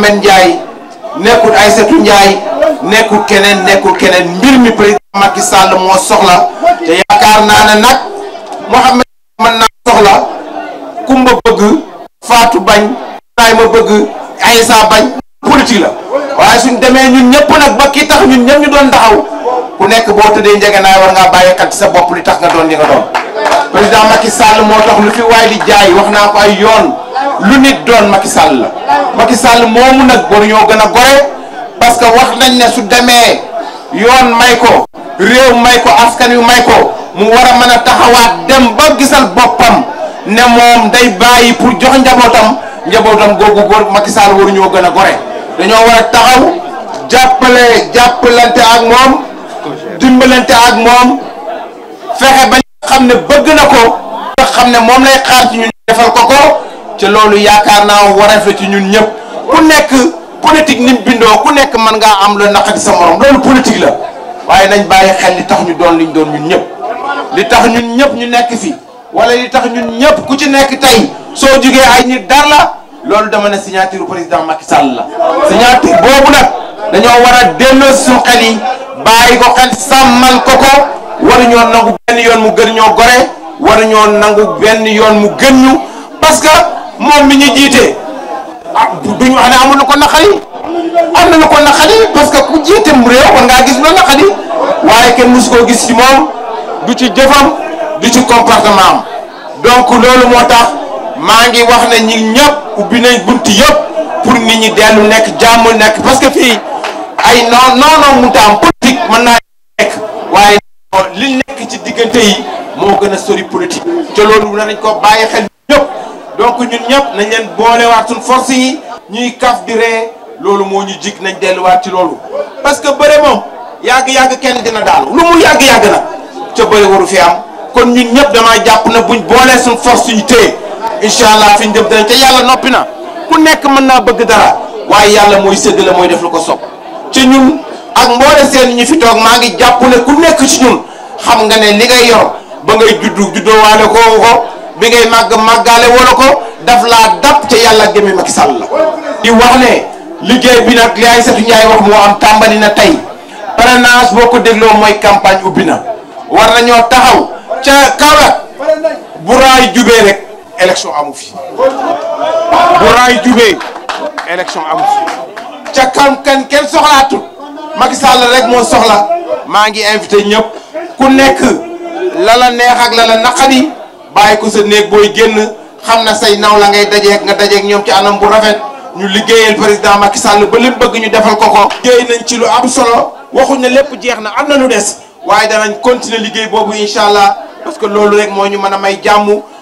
Mohamed Ndiaye nekkul Aysatu Ndiaye nekkul keneen nekkul keneen mbir mi président Macky Sall moo soxla te yaakaar naa ne nag Mohamed mën naa soxla Kumba bëgg Faatu bañ Ibrahima bëgg Aysa bañ politique la demee ñun ñëpp nag ba ki tax ñun ñëpp ñu taxaw ku nekk boo tëddee njëgënaay war ngaa bàyyi xel sa bopp li tax nga doon li moo tax lu fi waay di jaay wax naa ko ay yoon. lu nit doon Macky Sall la Macky Sall moomu nag ñoo gën a gore parce que wax nañ ne su demee yoon may ko réew may ko askan yu may ko mu war a mën a taxawaat dem ba gisal boppam ne moom day bàyyi pour jox njabootam njabootam googu góor Macky Sall waruñoo gën a gore dañoo war a taxaw jàppale jàppalante ak moom dimbalante ak moom fexe ba xam ne bëgg na ko nga xam ne moom lay xaar ci ñu defal ko ko ca loolu yaakaar naa wareef la ci ñun ñëpp ku nekk politique ni mu bindoo ku nekk mën ngaa am la naq ak sa morom loolu politique la waaye nañ bàyyi xel li tax ñu doon liñ doon ñun ñëpp li tax ñun ñëpp ñu nekk fi wala li tax ñun ñëpp ku ci nekk tey soo jugee ay nit dar la loolu dama ne signature président Macky Sall la signature boobu nag dañoo war a delloo suñu xel yi bàyyi ko xel sàmmal ko ko waruñoo nangu yoon mu gën ñoo gore waruñoo nangu benn yoon mu gën ñu parce moom mi ñu jiite ah duñu ana amu na ko naqari am na lu ko naqari parce que ku jiite mu réew war gis lu naqari waaye kenn su ko gis ci moom du ci jëfam du ci comportement am donc loolu moo tax maa ngi wax na ñi ñëpp ubbi nañ bunt yëpp pour nit ñi dellu nekk jàmm nekk parce que fii ay non non mënta am politique mën naa nekk waaye li nekk ci diggante yi moo gën a sori politique te loolu nañ ko bàyyi xel donc ñun ñëpp nañ leen boolewaat suñ force yi ñuy kaf bi ree loolu moo ñu jig nañ delluwaat ci loolu parce que bëre moom yàgg-yàgg kenn dina daal lu mu yàgg-yàgg na ca bëre waru fi am kon ñun ñëpp damaa jàpp na buñ boolee suñ force yi téye incha allah fi ñu dem danañ te yàlla noppi na ku nekk mën naa bëgg dara waaye yàlla mooy séddale mooy def lu ko sopp ci ñun ak mboole seen ñi fi toog maa ngi jàpp ne ku nekk ci ñun xam nga ne li ngay yor ba ngay juddu juddoo bi ngay màgg màggaale wala ko daf laa dab ca yàlla gémme Macky Sall la di wax ne liggéey bi nag li Aïssatou Ndiaye wax moo am tàmbali na tey parrainage boo ko dégloo mooy campagne ubbi na war nañoo taxaw ca Kaolack bu raay jubee rek élection amu fi bu raay jubee élection amu fi ca kam kan kenn soxlaatu Macky Sall rek moo soxla maa ngi invité ñëpp ku nekk la neex ak la naqadi bàyyi ko sa néeg booy génn xam na say naw la ngay dajeeg nga dajeek ñoom ci anam bu rafet ñu liggéeyal président Macky Sall ba lim bëgg ñu defal ko ko. liggéey nañ ci lu am solo waxuñ ne lépp jeex na am na lu des waaye danañ continuer liggéey boobu incha allah parce que loolu rek moo ñu mën a may jàmm.